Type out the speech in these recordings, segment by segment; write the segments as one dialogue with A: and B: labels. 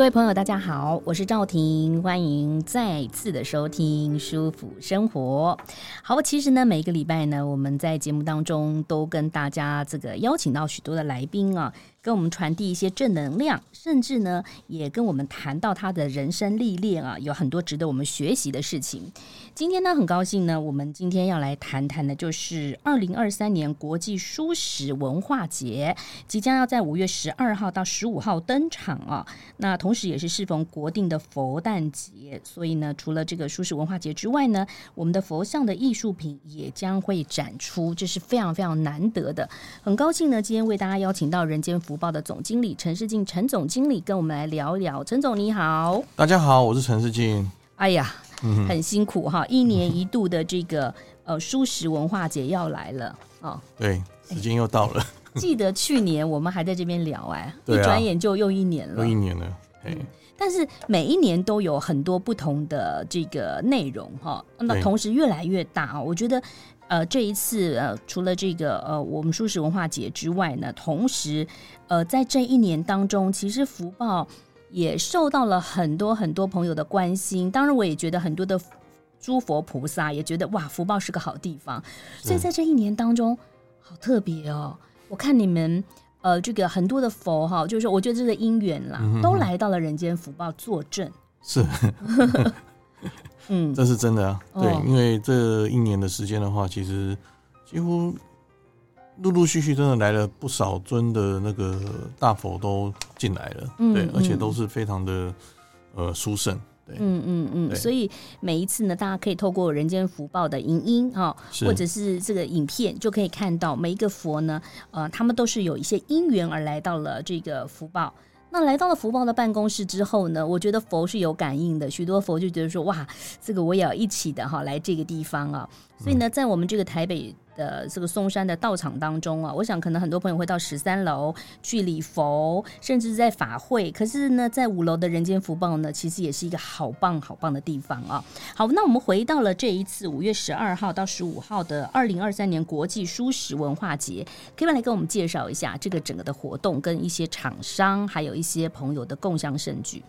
A: 各位朋友，大家好，我是趙婷，歡迎再次的收聽《蔬福生活》。好，其實呢，每一個禮拜呢，我們在節目當中都跟大家這個邀請到許多的來賓啊。跟我們傳遞一些正能量，甚至呢，也跟我們談到他的人生歷練啊，有很多值得我們學習的事情。今天呢，很高興呢，我們今天要來談談的，就是二零二三年國際蔬食文化節即將要在五月十二號到十五號登場啊。那同時，也是適逢國定的佛誕節，所以呢，除了這個蔬食文化節之外呢，我們的佛像的藝術品也將會展出，這是非常非常難得的。很高興呢，今天為大家邀請到人間。福報的總經理陳世晉，陳總經理跟我們來聊一聊。陳總你好，
B: 大家好，我是陳世晉。
A: 哎呀，嗯、哼很辛苦哈！一年一度的這個呃蔬食文化節要來了
B: 哦。對，時間又到了。欸、 記
A: 得去年我們還在這邊聊哎、欸，啊、一轉眼就又一年了，
B: 一年了嘿、
A: 嗯。但是每一年都有很多不同的這個內容哈。那對同時越來越大，我覺得。呃，這一次呃，除了這個呃，我們蔬食文化節之外呢，同時呃，在這一年當中，其實福報也受到了很多很多朋友的關心。當然，我也覺得很多的諸佛菩薩也覺得哇，福報是個好地方。是所以在這一年當中，好特別哦。我看你們呃，這個很多的佛哈，就是我覺得這個因緣啦，嗯、哼都來到了人間福報作證。
B: 是。 嗯，這是真的啊，嗯哦、對，因為這一年的時間的話，其實幾乎陸陸續續真的來了不少尊的那個大佛都進來了，嗯嗯、對，而且都是非常的呃殊勝，
A: 對，嗯嗯嗯，所以每一次呢，大家可以透過人間福報的影音啊，喔、是或者是這個影片，就可以看到每一個佛呢，呃，他們都是有一些因緣而來到了這個福報。那來到了福報的辦公室之後呢，我覺得佛是有感應的，許多佛就覺得說，哇，這個我也要一起的哈，來這個地方啊，嗯，所以呢，在我們這個台北。呃，這個嵩山的道場當中啊，我想可能很多朋友會到十三樓去禮佛，甚至在法會。可是呢，在五樓的人間福報呢，其實也是一個好棒好棒的地方啊。好，那我們回到了這一次五月十二號到十五號的二零二三年國際蔬食文化節，可以來，來跟我們介紹一下這個整個的活動跟一些廠商，還有一些朋友的共襄盛舉。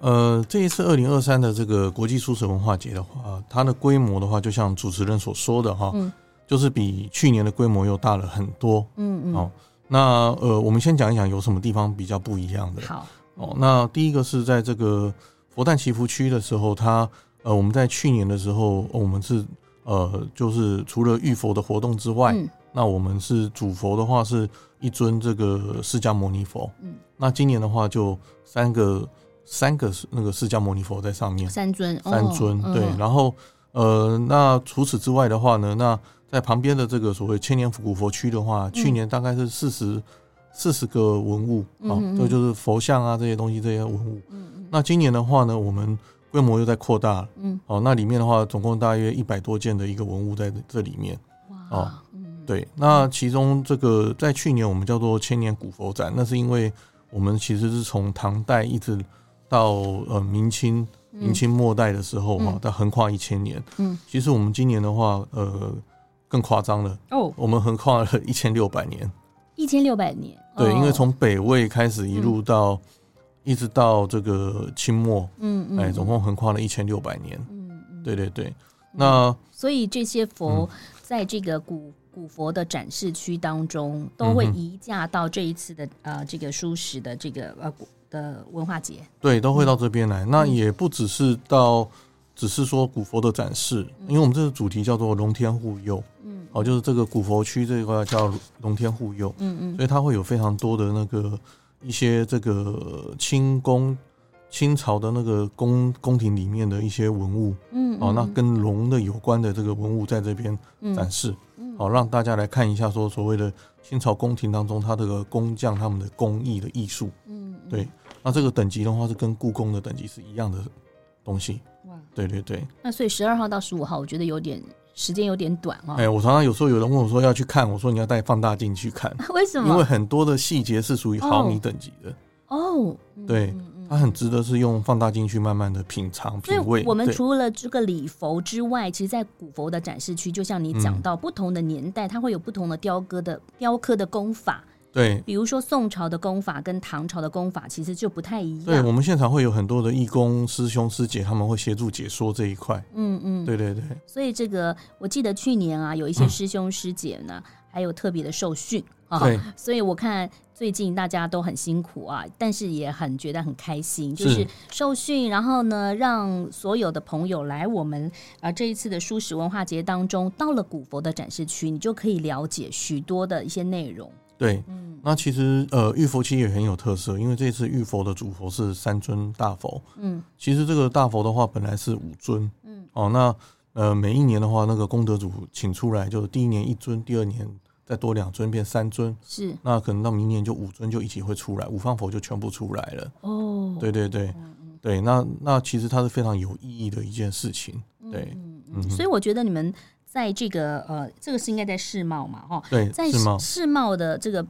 B: 呃，這一次二零二三的這個國際蔬食文化節的話，它的規模的話，就像主持人所說的哈。嗯就是比去年的規模又大了很多，嗯嗯。好、哦，那呃，我們先講一講有什麼地方比較不一樣的。好，嗯、哦，那第一個是在這個佛誕祈福區的時候，它呃，我們在去年的時候，哦，我們是呃，就是除了浴佛的活動之外，嗯、那我們是主佛的話是一尊這個釋迦牟尼佛。嗯，那今年的話就三個三個那個釋迦牟尼佛在上面，
A: 三尊，三尊。哦、對，嗯、
B: 然後呃，那除此之外的話呢，那在旁邊的這個所謂千年古佛區的話，去年大概是四十四十個文物啊，這、嗯嗯嗯哦、就是佛像啊這些東西這些文物。嗯嗯嗯那今年的話呢，我們規模又在擴大了。嗯。哦，那裡面的話，總共大約一百多件的一個文物在這裡面。哇。哦嗯、對，那其中這個在去年我們叫做千年古佛展，那是因為我們其實是從唐代一直到呃明清明清末代的時候哈，它橫、嗯、跨一千年。嗯。其實我們今年的話，呃。更誇張了哦！我們橫跨了一千六百年，
A: 一千六百年，對，因為從
B: 北魏開始一路到，一直到這個清末，嗯嗯，哎，總共橫跨了一千六百年，嗯對對對，那
A: 所以這些佛在這個古古佛的展示區當中，都會移駕到這一次的呃這個蔬食的這個呃的文化
B: 節，對，都會到這邊來。那也不只是到，只是說古佛的展示，因為我們這個主題叫做“龍天護佑”。哦，就是這個古佛區這一塊叫龍天護佑，嗯嗯，所以它會有非常多的那個一些這個清宮清朝的那個宮宮廷裡面的一些文物，嗯，嗯，哦，那跟龍的有關的這個文物在這邊展示，嗯，好讓大家來看一下，說所謂的清朝宮廷當中，它這個工匠他們的工藝的藝術，嗯，嗯，對，那這個等級的話是跟故宮的等級是一樣的東西，哇，對對對，
A: 那所以十二號到十五號，我覺得有點，時間有點短哦。哎、欸，
B: 我常常有時候有人問我說要去看，我說你要帶放大鏡去看，為什麼？因為很多的細節是屬於毫米等級的。
A: 哦，Oh. Oh. 對，
B: 它很值得是用放大鏡去慢慢的品嘗品味。我們除
A: 了這個禮佛之外，對其實，在古佛的展示區，就像你講到、嗯、不同的年代，它會有不同的雕刻的雕刻的工法。對，比如說宋朝的功法跟唐朝的功法其實就不太一樣。對，對我
B: 們現場會有很多的義工師兄師姐，他們會協助解說，這一塊、嗯。嗯嗯，對對對。
A: 所以這個我記得去年啊，有一些師兄師姐呢，嗯、還有特別的受訓。對、哦。所以我看最近大家都很辛苦啊，但是也很覺得很開心，就是受訓，是然後呢，讓所有的朋友來我們啊這一次的蔬食文化節當中，到了古佛的展示區，你就可以了解許多的一些內容。
B: 對，嗯，那其實呃，浴佛期也很有特色，因為這次浴佛的主佛是三尊大佛，嗯，其實這個大佛的話本來是五尊，嗯，哦，那呃，每一年的話，那個功德主請出來，就是第一年一尊，第二年再多兩尊變三尊，是，那可能到明年就五尊就一起會出來，五方佛就全部出來了，哦，對對對，嗯、對，那那其實它是非常有意義的一件事情，嗯、對，嗯，所
A: 以我覺得你們。在這個呃，這個是應該在世貿嘛，哈？對，在世貿的這個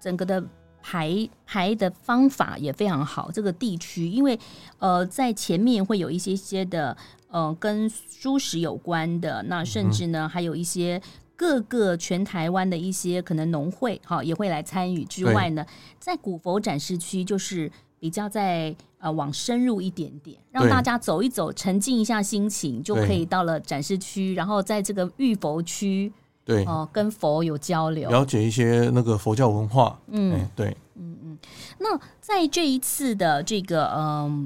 A: 整個的排排的方法也非常好。這個地區，因為呃，在前面會有一些些的呃跟蔬食有關的，那甚至呢，還有一些各個全台灣的一些可能農會哈也會來參與之外呢，在古佛展示區就是。比較在呃往深入一點點，讓大家走一走，沉浸一下心情，對就可以到了展示區，然後在這個浴佛區，對哦、呃，跟佛有交流，了解
B: 一些那個佛教文化，對嗯、欸，對，
A: 嗯嗯。那在這一次的這個嗯、呃、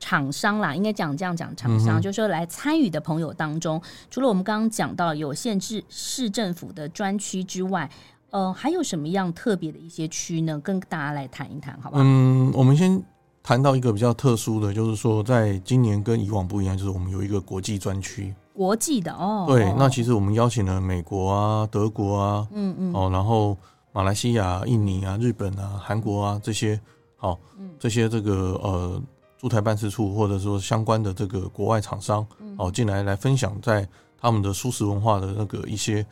A: 廠商啦，應該講這樣講，廠商、嗯、哼就是說來參與的朋友當中，除了我們剛剛講到有縣市政府的專區之外。呃，還有什麼樣特別的一些區呢？跟大家來談一談，好吧？
B: 嗯，我們先談到一個比較特殊的就是說，在今年跟以往不一樣，就是我們有一個國際專區，
A: 國際的哦。對，那
B: 其實我們邀請了美國啊、德國啊，嗯嗯，嗯哦，然後馬來西亞、印尼啊、日本啊、韓國啊這些，好、哦，嗯、這些這個呃駐台辦事處或者說相關的這個國外廠商、嗯、哦進來來分享在他們的素食文化的那個一些。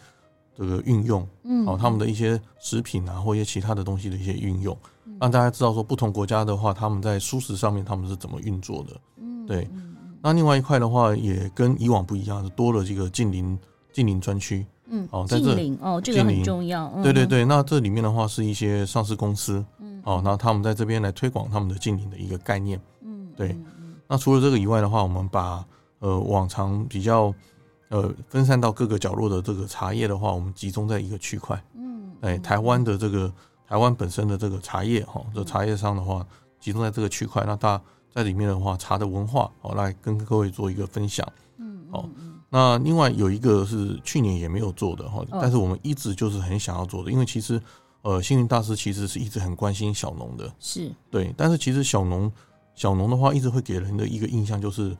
B: 這個運用，嗯，好，他們的一些食品啊，或一些其他的東西的一些運用，讓、嗯、大家知道說不同國家的話，他們在素食上面他們是怎麼運作的，嗯，對。嗯、那另外一塊的話，也跟以往不一樣，是多了這個淨零淨零專區，嗯，在這、淨零哦，這個很重要、嗯，對對對。那這裡面的話，是一些上市公司，嗯，哦，那他們在這邊來推廣他們的淨零的一個概念，嗯，對。嗯、那除了這個以外的話，我們把呃往常比較。呃，分散到各個角落的這個茶葉的話，我們集中在一個區塊，嗯。嗯，哎、欸，台灣的這個台灣本身的這個茶葉，哈、喔，這茶葉商的話，嗯、集中在這個區塊。那大家在裡面的話，茶的文化，好來跟各位做一個分享。嗯，好、嗯。那另外有一個是去年也沒有做的哈、喔，但是我們一直就是很想要做的，因為其實，呃，星雲大師其實是一直很關心小農的。是，對。但是其實小農，小農的話一直會給人的一個印象就是，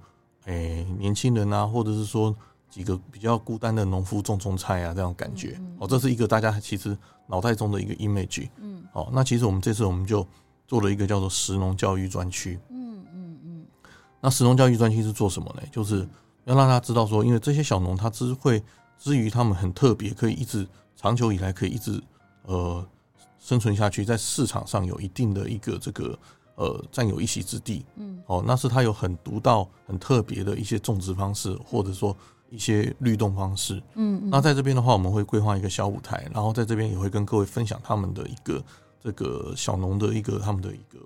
B: 哎、欸，年輕人啊，或者是說。幾個比較孤單的農夫種種菜啊，這樣感覺哦，這是一個大家其實腦袋中的一個 image。嗯，哦，那其實我們這次我們就做了一個叫做“食農教育專區”。嗯嗯嗯。那食農教育專區是做什麼呢？就是要讓大家知道說，因為這些小農他只會，至於他們很特別，可以一直長久以來可以一直呃生存下去，在市場上有一定的一個這個呃占有一席之地。嗯，哦，那是他有很獨到、很特別的一些種植方式，或者說。一些律動方式，嗯，嗯，那在這邊的話，我們會規劃一個小舞台，然後在這邊也會跟各位分享他們的一個這個小農的一個他們的一個。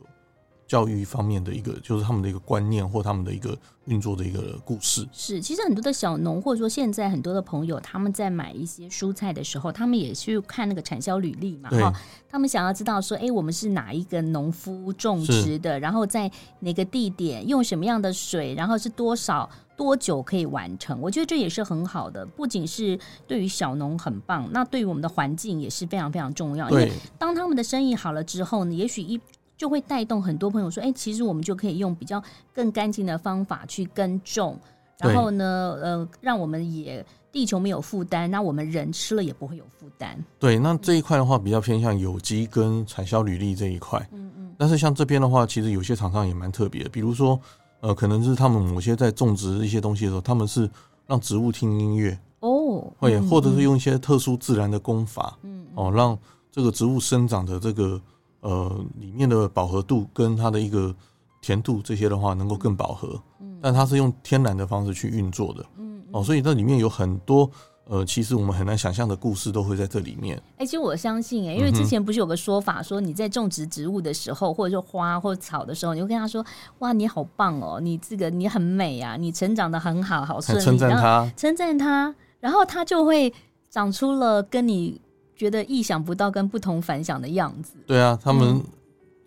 B: 教育方面的一個，就是他們的一個觀念或他們的一個運作的一個故事。
A: 是，其實很多的小農，或者說現在很多的朋友，他們在買一些蔬菜的時候，他們也去看那個產銷履歷嘛。哈對，他們想要知道說，哎、欸，我們是哪一個農夫種植的，是然後在哪個地點用什麼樣的水，然後是多少多久可以完成？我覺得這也是很好的，不僅是對於小農很棒，那對於我們的環境也是非常非常重要。對。因為當他們的生意好了之後呢，也許一。就會帶動很多朋友說，哎、欸，其實我們就可以用比較更乾淨的方法去耕種，然後呢，對呃，讓我們也地球沒有負擔，那我們人吃了也不會有負擔。
B: 對，那這一塊的話比較偏向有機跟產銷履歷這一塊，嗯嗯。但是像這邊的話，其實有些廠商也蠻特別的，比如說，呃，可能是他們某些在種植一些東西的時候，他們是讓植物聽音樂
A: 哦，會對、嗯嗯、或者是用
B: 一些特殊自然的功法，嗯，嗯，哦，讓這個植物生長的這個。呃，裡面的飽和度跟它的一個甜度這些的話，能夠更飽和。嗯，但它是用天然的方式去運作的。嗯，嗯哦，所以這裡面有很多呃，其實我們很難想象的故事都會在這裡面。
A: 哎、欸，其實我相信、欸，哎，因為之前不是有個說法說，你在種植植物的時候，嗯、哼或者說花或者草的時候，你會跟他說：“哇，你好棒哦、喔，你這個你很美啊，你成長得很好，好稱讚他，稱讚他，然後它就會長出了跟你覺得意想不到跟不同凡響的樣子。
B: 對啊，他們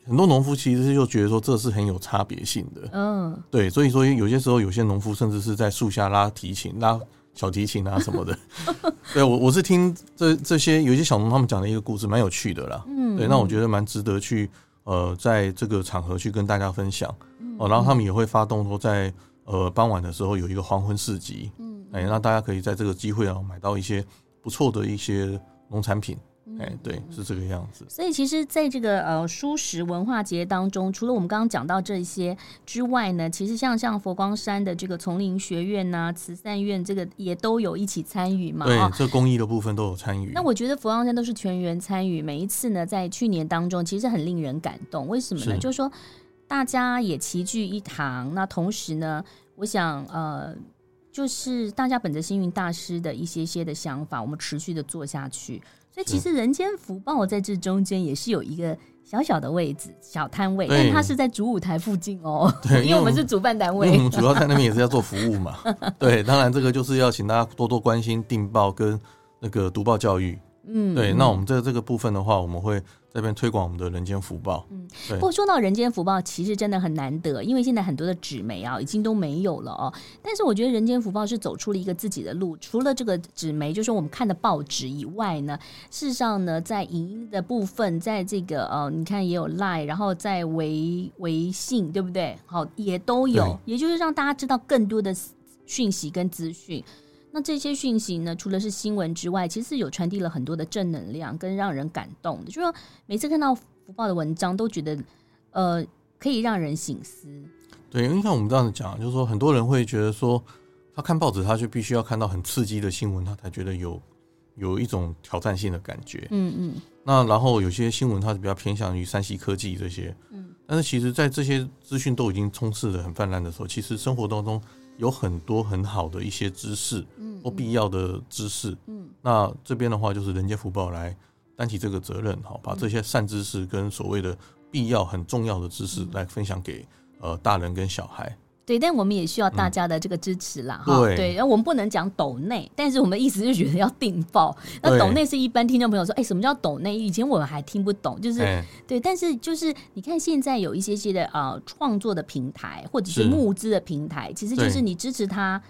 B: 很多農夫其實就覺得說，這是很有差別性的。嗯，對，所以說有些時候有些農夫甚至是在樹下拉提琴、拉小提琴啊什麼的。 對，我我是聽這這些有些小農他們講的一個故事，蠻有趣的啦。嗯，對，那我覺得蠻值得去呃在這個場合去跟大家分享。哦、呃，然後他們也會發動說，在呃傍晚的時候有一個黃昏市集。嗯，哎、欸，那大家可以在這個機會啊買到一些不錯的一些。農產品，哎、嗯，對，是這個樣子。所
A: 以其實，在這個呃，蔬食文化節當中，除了我們剛剛講到這些之外呢，其實像像佛光山的這個叢林學院吶、啊、慈善院，這個也都有一起參與嘛。對，哦、這
B: 公益的部分都有參與。那
A: 我覺得佛光山都是全員參與，每一次呢，在去年當中，其實很令人感動。為什麼呢？是就是說大家也齊聚一堂。那同時呢，我想呃。就是大家本着星雲大師的一些些的想法，我們持續的做下去。所以其實人間福報在這中間也是有一個小小的位置，小攤位，對但它是在主舞台附近哦。對，因為，因為我們是主辦單位，因為我們主要在那邊也
B: 是要做服務嘛。 對，當然這個就是要請大家多多關心訂報跟那個讀報教育。嗯，對，那我們在這個部分的話，我們會這邊推廣我們的人間福報。嗯，不過說
A: 到人間福報，其實真的很難得，因為現在很多的紙媒啊，已經都沒有了哦。但是我覺得人間福報是走出了一個自己的路，除了這個紙媒，就是我們看的報紙以外呢，事實上呢，在影音的部分，在這個呃、哦，你看也有 Line，然後在微微信，對不對？好，也都有，對也就是讓大家知道更多的訊息跟資訊。那這些訊息呢？除了是新聞之外，其實是有傳遞了很多的正能量，跟讓人感動的。就說每次看到福報的文章，都覺得，呃，可以讓人省思。
B: 對，因為像我們這樣子講，就是說很多人會覺得說，他看報紙，他就必須要看到很刺激的新聞，他才覺得有有一種挑戰性的感覺。嗯嗯。那然後有些新聞，它是比較偏向於山西科技這些。嗯。但是其實在這些資訊都已經充斥的很泛濫的時候，其實生活當中。有很多很好的一些知識，嗯，或必要的知識，嗯，那這邊的話就是人間福報來擔起這個責任，好，把這些善知識跟所謂的必要、很重要的知識來分享給呃大人跟小孩。
A: 對，但我們也需要大家的這個支持啦，哈。嗯、對，然後我們不能講抖內，但是我們意思就覺得要訂報。那抖內是一般聽眾朋友說，哎、欸，什麼叫抖內？以前我們還聽不懂，就是、欸、對。但是就是你看，現在有一些些的呃創作的平台或者是募資的平台，是 其實就是你支持他，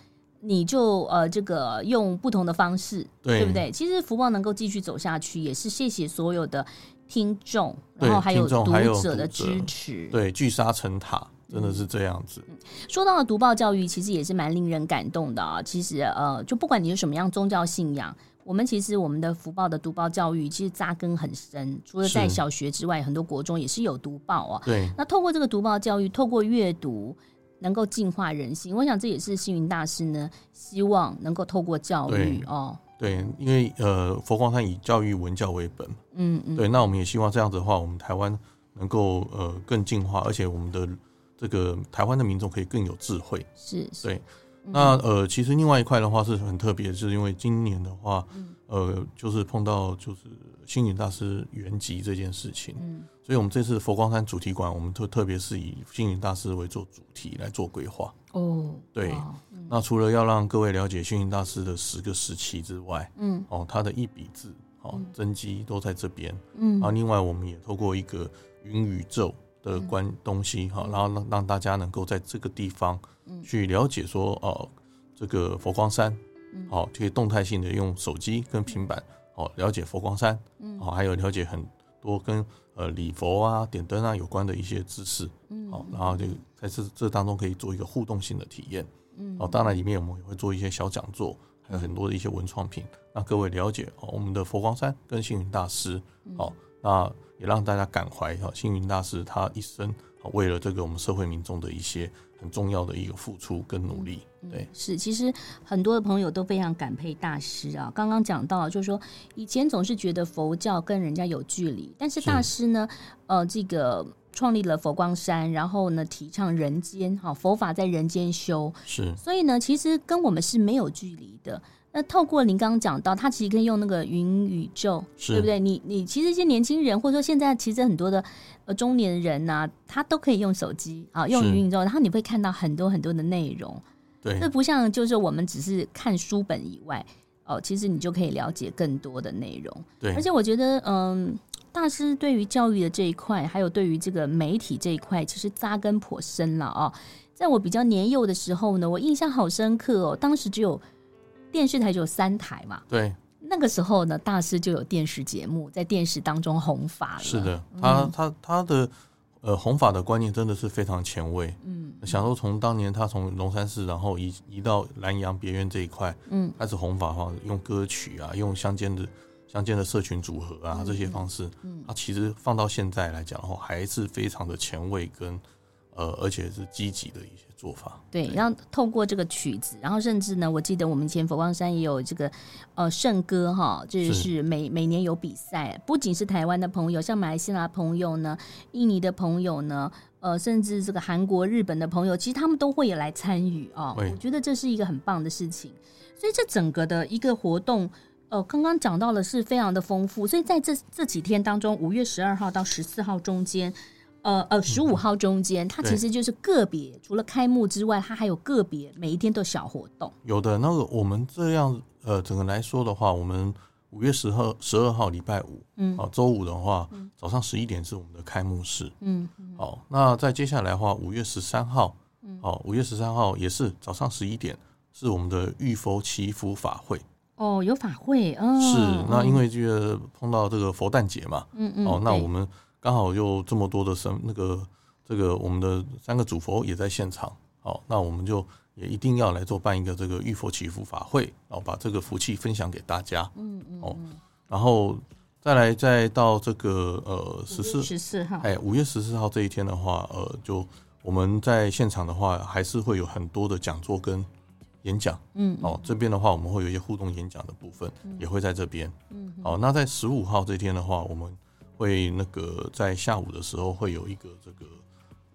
A: 對 你就呃這個用不同的方式，對，對不對？其實福報能夠繼續走下去，也是謝謝所有的聽眾，然後還有讀者的支
B: 持，對，聚沙成塔。真的是這樣子。嗯，
A: 說到了讀報教育，其實也是蠻令人感動的啊。其實呃，就不管你是什麼樣宗教信仰，我們其實我們的福報的讀報教育其實扎根很深。除了在小學之外，很多國中也是有讀報啊。是 對。那透過這個讀報教育，透過閱讀，能夠淨化人性。我想這也是星雲大師呢，希望能夠透過教育對 哦。
B: 對，因為呃，佛光山以教育文教為本，嗯嗯。對，那我們也希望這樣子的話，我們台灣能夠呃更淨化，而且我們的。這個台灣的民眾可以更有智慧，是，是對。嗯、那呃，其實另外一塊的話是很特別，就是因為今年的話，嗯、呃，就是碰到就是星雲大師圓寂這件事情，嗯、所以我們這次佛光山主題館，我們特特別是以星雲大師為做主題來做規劃哦。對，嗯、那除了要讓各位了解星雲大師的十個時期之外，嗯，哦，他的一筆字，哦，真跡、嗯、都在這邊，嗯，啊，另外我們也透過一個雲宇宙。的關東西哈，然後讓讓大家能夠在這個地方，去了解說哦，這個佛光山，嗯，好，可以動態性的用手機跟平板，哦，了解佛光山，好，還有了解很多跟呃禮佛啊、點燈啊有關的一些知識，好，然後就在這這當中可以做一個互動性的體驗，哦，當然裡面我們也會做一些小講座，還有很多的一些文創品，讓各位了解哦，我們的佛光山跟星雲大師，好。那也讓大家感懷哈，星雲大師他一生為了這個我們社會民眾的一些很重要的一個付出跟努力，
A: 對、嗯。是，其實很多的朋友都非常感佩大師啊。剛剛講到，就是說以前總是覺得佛教跟人家有距離，但是大師呢，是呃，這個創立了佛光山，然後呢提倡人間哈，佛法在人間修，是，所以呢，其實跟我們是沒有距離的。那透過您剛剛講到，它其實可以用那個雲宇宙，是 對不對？你你其實一些年輕人，或者說現在其實很多的呃中年人吶、啊，他都可以用手機啊，用雲宇宙，是 然後你會看到很多很多的內容。對，這不像就是我們只是看書本以外哦，其實你就可以了解更多的內容。對，而且我覺得嗯，大師對於教育的這一塊，還有對於這個媒體這一塊，其實扎根頗深了啊、哦。在我比較年幼的時候呢，我印象好深刻哦，當時只有。電視臺就有三台嘛，對。那個時候呢，大師就有電視節目在電視當中弘法了。是的，他、嗯、他
B: 他的呃弘法的觀念真的是非常前衛。嗯，想說從當年他從龍山寺，然後移移到蘭陽別院這一塊，嗯，開始弘法的話，用歌曲啊，用鄉間的鄉間的社群組合啊、嗯、這些方式，嗯，嗯他其實放到現在來講，的話，還是非常的前衛跟、呃、而且是積極的一些。
A: 對，對，然後透過這個曲子，然後甚至呢，我記得我們前佛光山也有這個，呃，聖歌哈、哦，就是每是每年有比賽，不僅是台灣的朋友，像馬來西亞朋友呢，印尼的朋友呢，呃，甚至這個韓國、日本的朋友，其實他們都會也來參與啊、哦。對我覺得這是一個很棒的事情，所以這整個的一個活動，呃，剛剛講到了是非常的豐富，所以在這這幾天當中，五月十二號到十四號中間。呃呃，十五號中間，它其實就是個別，除了開幕之外，它還有個別每一天的小活動。
B: 有的，那個我們這樣呃，整個來說的話，我們五月十號十二號禮拜五，嗯，好，周五的話，早上十一點是我們的開幕式，嗯，好，那再接下來的話，五月十三號，哦，五月十三號也是早上十一點是我們的浴佛祈福法會。
A: 哦，有法會，嗯，是那因為
B: 這個碰到這個佛誕節嘛，嗯嗯，哦，那我們。剛好又這麼多的神，那個這個我們的三個主佛也在現場，好，那我們就也一定要來做辦一個這個浴佛祈福法會，然後把這個福氣分享給大家，嗯嗯，哦、嗯，嗯、然後再來再到這個呃十四十四號，哎，五月十四號這一天的話，呃，就我們在現場的話還是會有很多的講座跟演講，嗯哦，嗯這邊的話我們會有一些互動演講的部分也會在這邊，嗯，嗯好，那在十五號這天的話，我們。會那個在下午的時候會有一個這個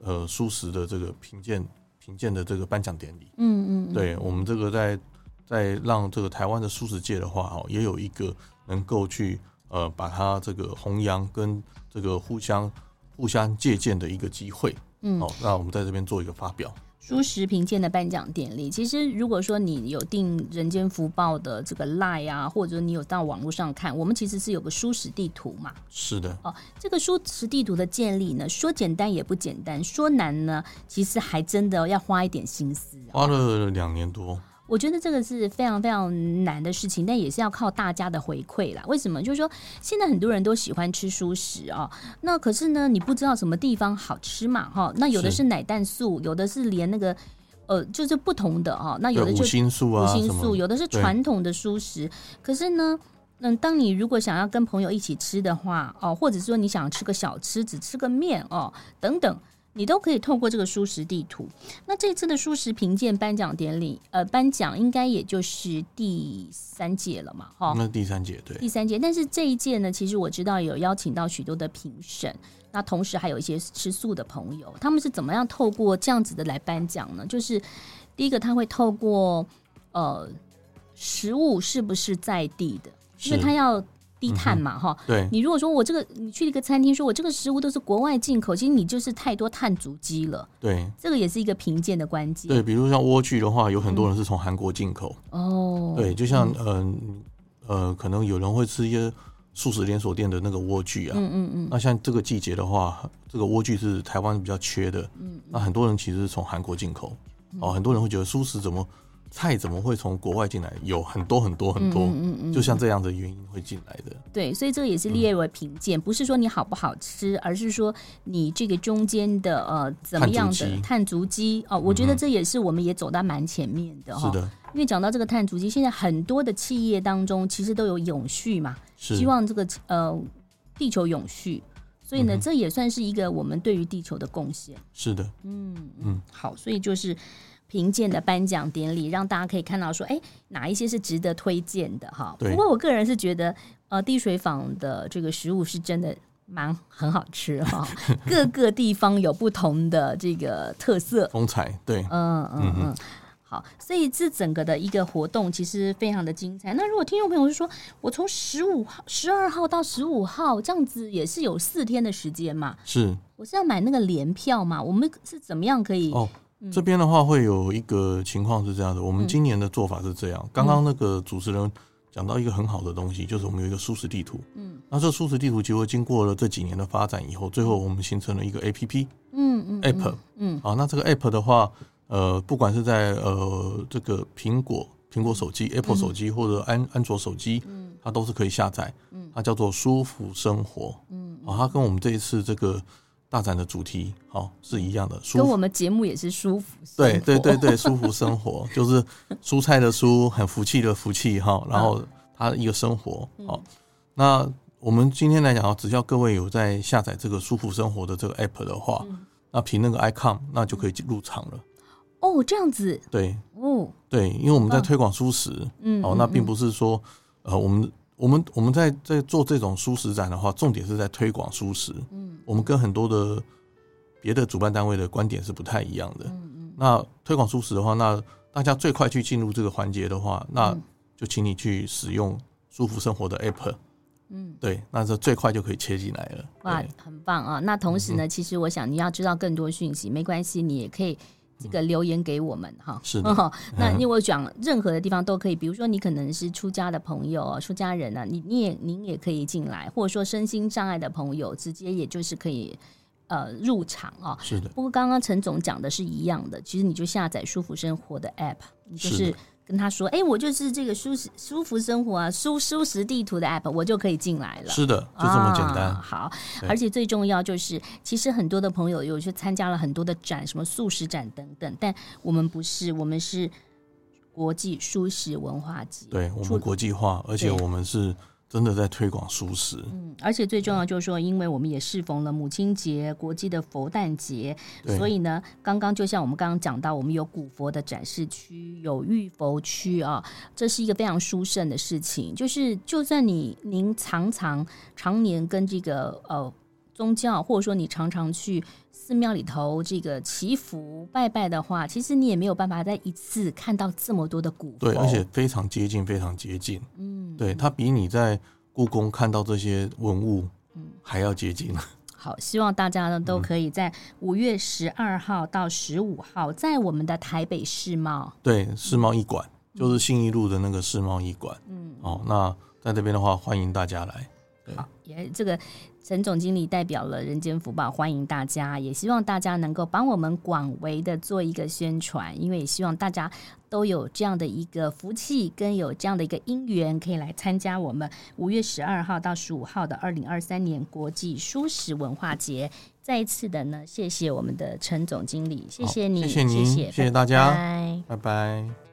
B: 呃蔬食的這個評鑑評鑑的這個頒獎典禮。
A: 嗯，嗯嗯，對
B: 我們這個在在讓這個台灣的蔬食界的話哦也有一個能夠去呃把它這個弘揚跟這個互相互相借鑑的一個機會，嗯，好，那我們在這邊做一個發表。蔬
A: 食評鑑的頒獎典禮，其實如果說你有訂《人間福報》的這個 LINE 啊，或者你有到網絡上看，我們其實是有個蔬食地圖嘛。
B: 是的。
A: 哦，這個蔬食地圖的建立呢，說簡單也不簡單，說難呢，其實還真的要花一點心思。
B: 花了兩年多。
A: 我覺得這個是非常非常難的事情，但也是要靠大家的回饋啦。為什麼？就是說，現在很多人都喜歡吃蔬食哦，那可是呢，你不知道什麼地方好吃嘛，哈、哦。那有的是奶蛋素，是有的是連那個呃，就是不同的哦。那有的就是五辛素啊，五辛素，什麼？有的是傳統的蔬食，對可是呢，嗯，當你如果想要跟朋友一起吃的話，哦，或者說你想吃個小吃，只吃個麵哦，等等。你都可以透過這個蔬食地圖。那這次的蔬食評鑑頒獎典禮，呃，頒獎應該也就是第三屆了嘛，哈。那
B: 第三屆，對。第三
A: 屆，但是這一屆呢，其實我知道有邀請到許多的評審，那同時還有一些吃素的朋友，他們是怎麼樣透過這樣子的來頒獎呢？就是第一個，他會透過呃，食物是不是在地的，因為他要。低碳嘛，哈、嗯哼，齁對，你如果說我這個，你去一個餐廳，說我這個食物都是國外進口，其實你就是太多碳足跡了。對，這個也是一個評鑑的關鍵。對，
B: 比如像萵苣的話，有很多人是從韓國進口。
A: 哦、嗯，對，就像嗯呃、
B: 呃，可能有人會吃一些素食連鎖店的那個萵苣啊，嗯嗯嗯。那像這個季節的話，這個萵苣是台灣比較缺的，嗯，嗯，那很多人其實是從韓國進口。哦，很多人會覺得素食怎麼？菜怎麼會從國外進來？有很多很多很多，就像這樣的原因會進來的。
A: 對，所以這個也是列為評鑑，不是說你好不好吃，而是說你這個中間的呃怎麼樣的碳足跡。哦，我覺得這也是我們也走到蠻前面的哈。是的。因為講到這個碳足跡，現在很多的企業當中其實都有永續嘛，希望這個呃地球永續，所以呢，這也算是一個我們對於地球的貢獻。
B: 是的。嗯嗯，
A: 好，所以就是。評鑑的頒獎典禮，讓大家可以看到說，哎、欸，哪一些是值得推薦的哈？對。不過我個人是覺得，呃，滴水坊的這個食物是真的蠻很好吃哈。 各個地方有不同的這個特色。
B: 風采對，嗯嗯嗯。嗯
A: 嗯嗯，好，所以這整個的一個活動其實非常的精彩。那如果聽眾朋友是說，我從十五號、十二號到十五號這樣子也是有四天的時間嘛？是。我是要買那個聯票嘛？我們是怎麼樣可以、哦？
B: 嗯、這邊的話會有一個情況是這樣的，我們今年的做法是這樣。剛剛、嗯、那個主持人講到一個很好的東西，就是我們有一個蔬食地圖。嗯，那這個蔬食地圖就會經過了這幾年的發展以後，最後我們形成了一個 APP 嗯。嗯 APP 嗯，啊 APP、嗯嗯，那這個 App 的話，呃，不管是在呃這個蘋果蘋果手機、嗯、Apple 手機或者安安卓手機，嗯、它都是可以下載。嗯，它叫做蔬福生活。嗯，啊、嗯，它跟我們這一次這個。大展的主題好，是一樣的，蔬福跟我們
A: 節目也是蔬福。對對對對，蔬福生
B: 活 就是蔬菜的蔬，很福氣的福氣哈。然後它一個生活哦好。那我們今天來講，只要各位有在下載這個蔬福生活的這個 APP 的話，嗯、那憑那個 icon 那就可以入場
A: 了。哦，這樣子。對，
B: 哦，對，棒因為我們在推廣蔬食嗯，哦，那並不是說呃我們。我們我們在在做這種蔬食展的話，重點是在推廣蔬食。嗯，我們跟很多的別的主辦單位的觀點是不太一樣的。嗯嗯，嗯那推廣蔬食的話，那大家最快去進入這個環節的話，那就請你去使用蔬福生活的 APP。嗯，對，那這最快就可以切進來了。哇，
A: 很棒啊！那同時呢，其實我想你要知道更多訊息，嗯、沒關係，你也可以。這個留言給我們哈，是的、哦，那因為我講任何的地方都可以，嗯、比如說你可能是出家的朋友、出家人呢、啊，你也你也您也可以進來，或者說身心障礙的朋友，直接也就是可以呃入場啊、哦，是的。不過剛剛陳總講的是一樣的，其實你就下載“蔬福生活”的 App，你就是跟他說，哎、欸，我就是這個蔬食蔬福生活啊，蔬、蔬食地圖的 app，我就可以進來了。是的，就這麼簡單。哦、好，對而且最重要就是，其實很多的朋友有去參加了很多的展，什麼素食展等等，但我們不是，我們是國際蔬食文化節，對，我們國際化，而且對我
B: 們是。真的在推廣素食，
A: 嗯，而且最重要就是說，因為我們也適逢了母親節、國際的佛誕節，對所以呢，剛剛就像我們剛剛講到，我們有古佛的展示區，有浴佛區啊、哦，這是一個非常殊勝的事情，就是就算你您常常常年跟這個呃宗教，或者說你常常去。寺廟裡頭，這個祈福拜拜的話，其實你也沒有辦法再一次看到這麼多的古物。對，而且
B: 非常接近，非常接近。嗯，對，它比你在故宮看到這些文物，還要接近。嗯。
A: 好，希望大家呢都可以在五月十二號到十五號，在我們的台北世貿，
B: 對，世貿一館，就是信義路的那個世貿一館。嗯，哦，那在這邊的話，歡迎大家來。好，
A: 對也這個。陳總經理代表了人間福報，歡迎大家，也希望大家能夠幫我們廣為的做一個宣傳，因為也希望大家都有這樣的一個福氣，跟有這樣的一個姻緣，可以來參加我們五月十二號到十五號的二零二三年國際蔬食文化節。再一次的呢，謝謝我們的陳總經理，謝謝你，哦、謝謝你，謝謝，謝謝大家，拜拜。
B: 拜拜。